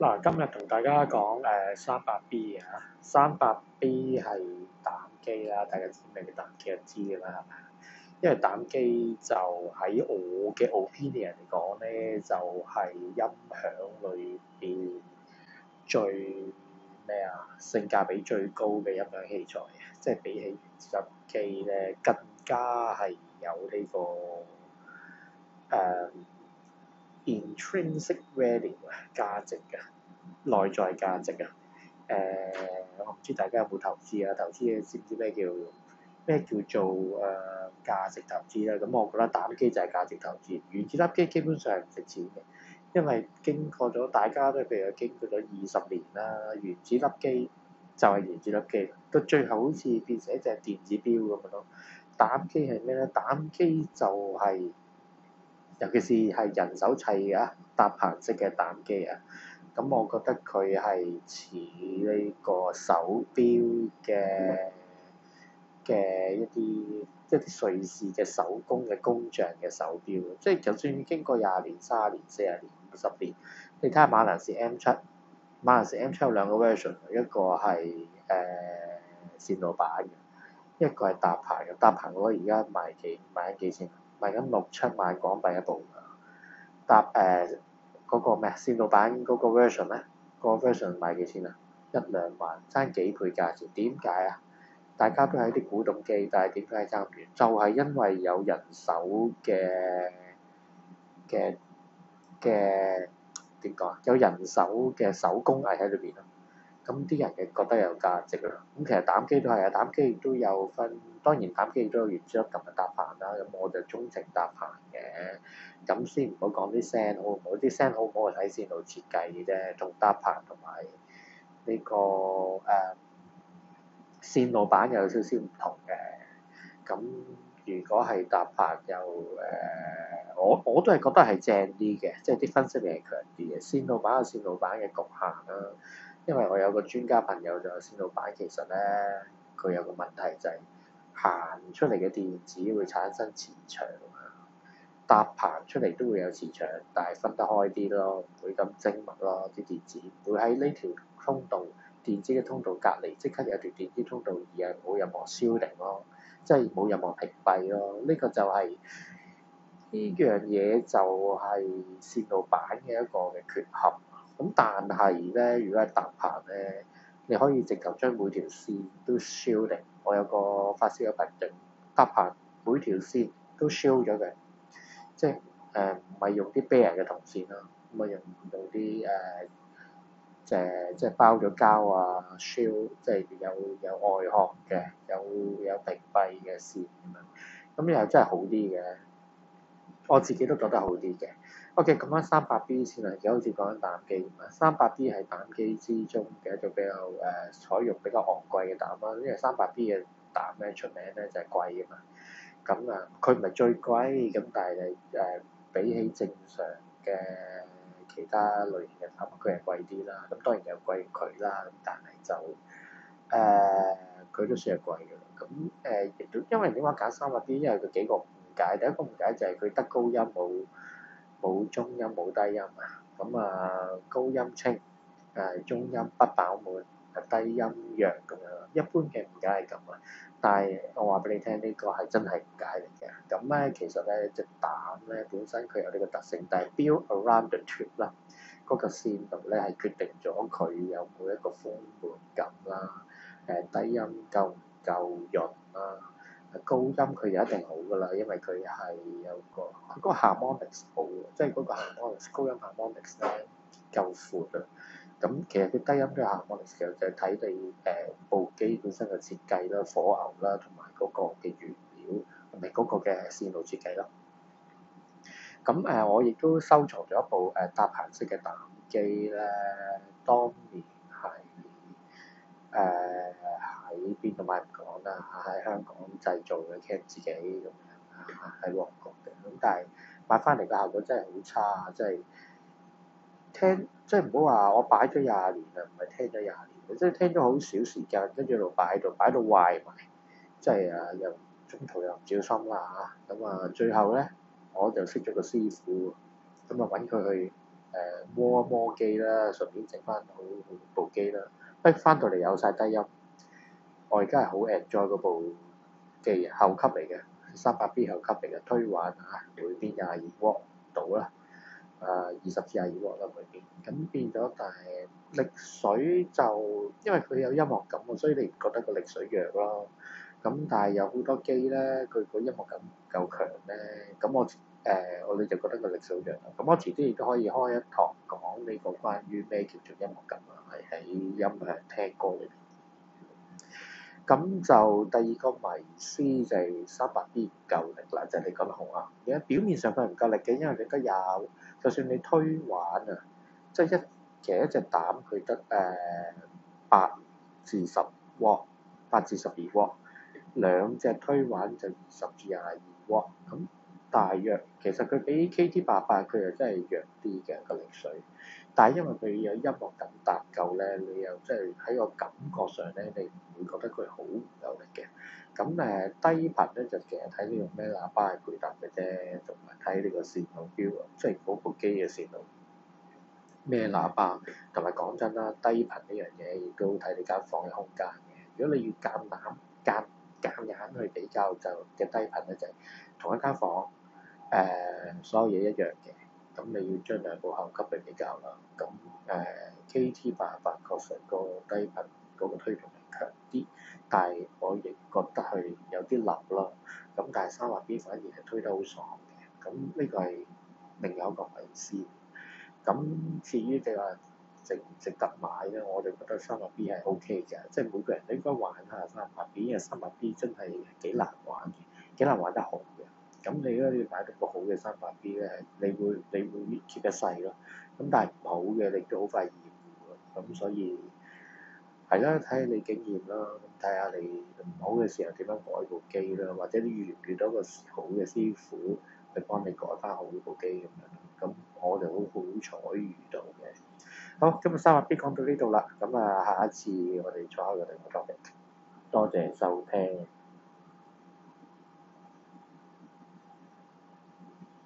嗱，今日同大家講誒三百 B 啊，三百 B 係膽機啦，大家知咩叫膽機就知嘅啦，係咪？因為膽機就喺我嘅 Opinion 嚟講咧，就係、是、音響裏邊最咩啊？性價比最高嘅音響器材，即係比起原音機咧，更加係有呢、這個誒。呃 trinsic value 價值嘅、啊、內在價值啊，誒、呃、我唔知大家有冇投資啊？投資嘅知唔知咩叫咩叫做誒、呃、價值投資咧、啊？咁我覺得膽機就係價值投資，原子粒機基本上唔值錢嘅，因為經過咗大家都，譬如話經過咗二十年啦，原子粒機就係原子粒機，到最後好似變成一隻電子錶咁樣囉。膽機係咩咧？膽機就係、是、～尤其是係人手砌嘅搭棚式嘅膽機啊，咁我覺得佢係似呢個手錶嘅嘅一啲，即係瑞士嘅手工嘅工匠嘅手錶，即係就算經過廿年、三十年、四十年、五十年，你睇下馬蘭士 M 七，馬蘭士 M 七有兩個 version，一個係誒線路版嘅，一個係搭棚嘅。搭棚嘅話，而家賣幾賣咗幾錢？賣緊六七萬港幣一部，搭誒嗰個咩啊，線路板？嗰個 version 咧，個 version 賣幾錢啊？一兩萬，爭幾倍價錢？點解啊？大家都係啲古董機，但係點解爭咁遠？就係、是、因為有人手嘅嘅嘅點講啊？有人手嘅手工藝喺裏邊啊！咁啲人嘅覺得有價值啦。咁其實膽機都係啊，膽機亦都有分。當然膽機都有原裝同埋搭棚啦。咁我就鍾情搭棚嘅。咁先唔好講啲聲好唔好？啲聲好唔好係睇線路設計嘅啫，同搭棚同埋呢個誒、呃、線路板有少少唔同嘅。咁如果係搭棚又誒，我我都係覺得係正啲嘅，即係啲分析力係強啲嘅。線路板有線路板嘅局限啦。因為我有個專家朋友就係線路板，其實咧佢有個問題就係、是、行出嚟嘅電子會產生磁場啊，搭棚出嚟都會有磁場，但係分得開啲咯，唔會咁精密咯。啲電子唔會喺呢條通道、電子嘅通道隔離，即刻有條電子通道而係冇任何消零咯，即係冇任何屏蔽咯。呢、這個就係呢樣嘢就係線路板嘅一個嘅缺陷。咁但係咧，如果係搭棚咧，你可以直頭將每條線都 shield 定。我有個發燒嘅朋友搭棚，每條線都 shield 咗嘅，即係誒唔係用啲 bare 嘅銅線啦，唔係用到啲誒誒即係包咗膠啊，shield 即係有有外殼嘅，有有屏蔽嘅線咁樣。咁又真係好啲嘅，我自己都覺得好啲嘅。OK，咁樣三百 B 先啊，而家好似講緊膽機咁啊。三百 B 係膽機之中嘅一種比較誒、呃，採用比較昂貴嘅膽啦。因為三百 B 嘅膽咩出名咧，就係貴啊嘛。咁、呃、啊，佢唔係最貴，咁但係誒、呃、比起正常嘅其他類型嘅膽，佢係貴啲啦。咁當然有貴佢啦，但係就誒佢、呃、都算係貴嘅。咁誒亦都因為點解揀三百 B，因為佢幾個誤解。第一個誤解就係佢得高音冇。冇中音冇低音啊，咁啊高音清，誒、啊、中音不飽滿，誒低音弱咁樣，一般嘅唔梗係咁啊。但係我話俾你聽，呢、這個係真係唔解嚟嘅。咁咧其實咧隻膽咧本身佢有呢個特性，但係 build around the tube，嗰個線度咧係決定咗佢有冇一個豐滿感啦、啊、誒、啊、低音夠唔夠潤啦，高音佢就一定好㗎啦，因為佢係有個佢嗰個即係嗰個 harmonics，高音 harmonics 咧夠闊啦。咁其實佢低音都嘅 harmonics 其實就睇、是、你誒、呃、部機本身嘅設計啦、火牛啦同埋嗰個嘅原料，同埋嗰個嘅線路設計啦。咁誒、呃，我亦都收藏咗一部誒、呃、搭棚式嘅膽機咧。當年係誒喺邊度買唔講啦，喺香港製造嘅 k e 自己咁樣喺旺角嘅。咁但係。擺翻嚟嘅效果真係好差，真係聽，即係唔好話我擺咗廿年啦，唔係聽咗廿年，即係聽咗好少時間，跟住就擺喺度，擺到壞埋，即係啊又中途又唔小心啦嚇，咁啊最後咧我就識咗個師傅，咁啊揾佢去誒摸一摸機啦，順便整翻好部機啦，不過翻到嚟有晒低音，我而家係好 enjoy 嗰部嘅後級嚟嘅。三百 B 後級別嘅推挽啊、啊，會、呃、每邊廿二瓦度啦，啊二十至廿二瓦啦，每邊咁變咗，但係力水就因為佢有音樂感喎，所以你唔覺得個力水弱咯。咁但係有好多機咧，佢個音樂感唔夠強咧，咁我誒、呃、我哋就覺得個力水弱啦。咁我遲啲亦都可以開一堂講呢個關於咩叫做音樂感啊，係喺音樂聽歌入面。咁就第二個迷思就係三百 B 唔夠力啦，就係、你講得好啊！而家表面上佢唔夠力嘅，因為你都有，就算你推挽啊，即係一其實一隻膽佢得誒八至十瓦，八至十二瓦，兩隻推挽就二十至廿二瓦，咁大約其實佢比 K T 八八，佢又真係弱啲嘅個力水。但係因為佢有音樂咁搭夠咧，你又即係喺個感覺上咧，你唔會覺得佢好唔夠力嘅。咁誒低頻咧，就其實睇你用咩喇叭去配搭嘅啫，同埋睇你個線路表，即係嗰部機嘅線路。咩喇叭？同埋講真啦，低頻呢樣嘢亦都睇你間房嘅空間嘅。如果你要夾硬夾夾硬去比較就嘅低頻咧，就係、同一間房誒、呃、所有嘢一樣嘅。咁你要將兩部後級嚟比，比較啦，咁誒、呃、K T 八八確實個低頻嗰個推動力強啲，但係我亦覺得係有啲濫啦。咁但係三百 B 反而係推得好爽嘅，咁呢個係另一個回事。咁至於你話、呃、值唔值得買咧，我就覺得三百 B 係 O K 嘅，即係每個人都應該玩下三百 B。因為三百 B 真係幾難玩嘅，幾難玩得好嘅。咁你咧，你要買得個好嘅三百 B 咧，你會你會 keep 一世咯。咁但係唔好嘅，你都好快厭嘅。咁所以係啦，睇下你經驗啦，睇下你唔好嘅時候點樣改部機啦，或者你遇唔遇到個好嘅師傅去幫你改翻好部機咁樣。咁我哋好好彩遇到嘅。好，今日三百 B 講到呢度啦。咁啊，下一次我哋再開個另外 topic。多謝收聽。